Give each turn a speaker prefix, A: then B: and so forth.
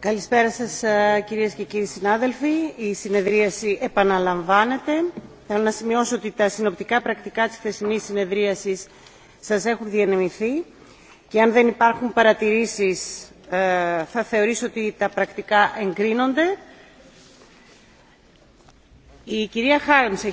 A: Καλησπέρα σας ε, κυρίες και κύριοι συνάδελφοι. Η συνεδρίαση επαναλαμβάνεται. Θέλω να σημειώσω ότι τα συνοπτικά πρακτικά της χθεσινής συνεδρίασης σας έχουν διανεμηθεί και αν δεν υπάρχουν παρατηρήσεις ε, θα θεωρήσω ότι τα πρακτικά εγκρίνονται. Η κυρία Χάρμς